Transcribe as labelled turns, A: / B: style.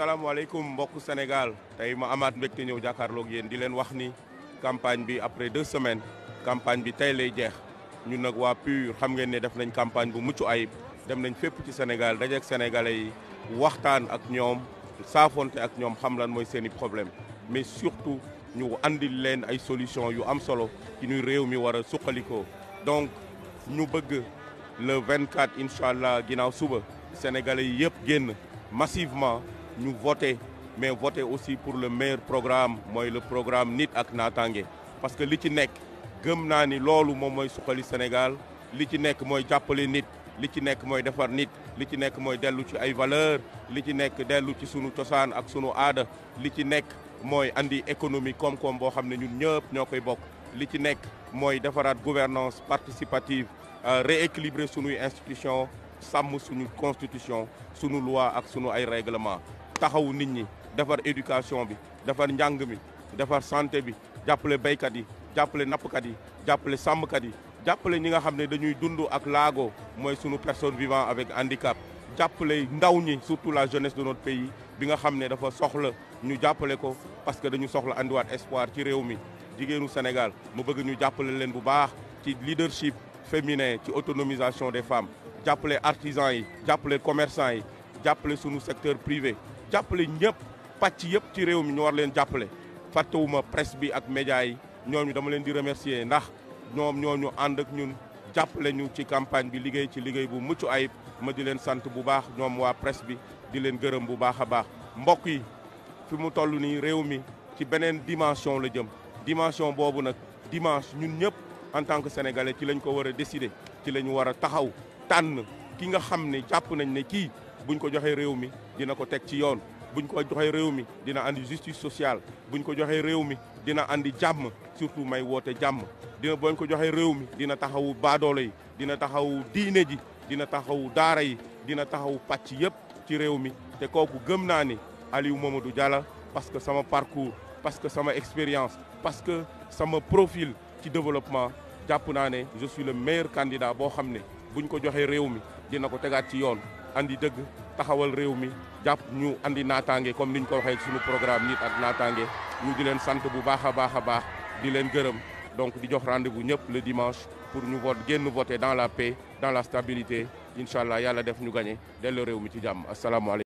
A: salaamaaleykum mbokku Sénégal tey ma amaat mbégte ñëw jàkkaarloog yéen di leen wax ni campagne bi après deux semaines campagne bi tey lay jeex ñun nag waa PUR xam ngeen ne def nañ campagne bu mucc ayib dem nañ fépp ci Sénégal dajeeg sénégalais yi waxtaan ak ñoom saafonte ak ñoom xam lan mooy seen problème mais surtout ñu andil leen ay solution yu am solo ci ñuy réew mi war a suqalikoo donc ñu bëgg le 24 incha allah ginnaaw suba sénégalais yi yëpp génn massivement ñu voter mais voter aussi pour le meilleur programme mooy le programme nit ak naataange parce que li ci nekk gëm naa ni loolu moom mooy suqali Sénégal li ci nekk mooy jàppale nit li ci nekk mooy defar nit li ci nekk mooy dellu ci ay valeur li ci nekk dellu ci sunu cosaan ak sunu aada li ci nekk mooy andi économie koom-koom boo xam ne ñun ñëpp ñoo koy bokk li ci nekk mooy defaraat gouvernance participative euh, rééquilibrer sunuy institution sàmm suñu constitution sunu loi ak sunu ay règlement taxawu nit ñi defar éducation bi defar njàng mi defar santé bi jàppale béykat yi jàppale nappkat yi jàppale sàmmkat yi jàppale ñi nga xam ne dañuy dund ak laago mooy sunu personne vivant avec handicap jàppale ndaw ñi surtout la jeunesse de notre bi nga xam ne dafa soxla ñu jàppale ko parce que dañu soxla andiwaat espoir ci réew mi jigéenu Sénégal mu bëgg ñu jàppale leen bu baax ci leadership féminin ci autonomisation des femmes jàppale artisans yi jàppale commerçants yi jàppale sunu secteur privé jàppale ñëpp pàcc yëpp ci réew mi ñu war leen jàppale fàttewuma presse bi ak média yi ñooñu dama leen di remercier ndax ñoom ñooñu ànd ak ñun jàppale ñu ci campagne bi liggéey ci liggéey bu mucc ayib ma di leen sant bu baax ñoom waa presse bi di leen gërëm bu baax a baax mbokk yi fi mu toll nii réew mi ci beneen dimension la jëm dimension boobu nag dimanche ñun ñëpp en tant que sénégalais ci lañ ko war a décider ci la ñu war a taxaw tànn ki nga xam ne jàpp nañ ne kii buñ ko joxee réew mi dina ko teg ci yoon bu buñ ko joxee réew mi dina andi justice sociale buñ ko joxee réew mi dina andi jàmm surtout may woote jàmm dina buñ ko joxee réew mi dina taxawu baadoolo yi dina taxawu diine dina taxawu daara yi dina taxawu pàcc yëpp ci réew mi te kooku gëm naa ni Aliou Mamadou Diallo parce que sama parcours parce que sama expérience parce que sama profil ci développement jàpp naa ne je suis le meilleur candidat boo xam ne ñu ko joxee réew mi dina ko tegaat ci yoon andi dëgg taxawal réew mi jàpp ñu andi naataange comme ni ñu ko waxee suñu programme nit ak naataange ñu di leen sant bu baax a baax a baax di leen gërëm donc di jox rendez-vous ñëpp le dimanche pour ñu vote génn voter dans la paix dans la stabilité incha allah yàlla def ñu gagné delloo réew mi ci jàmm asalaamaaleykum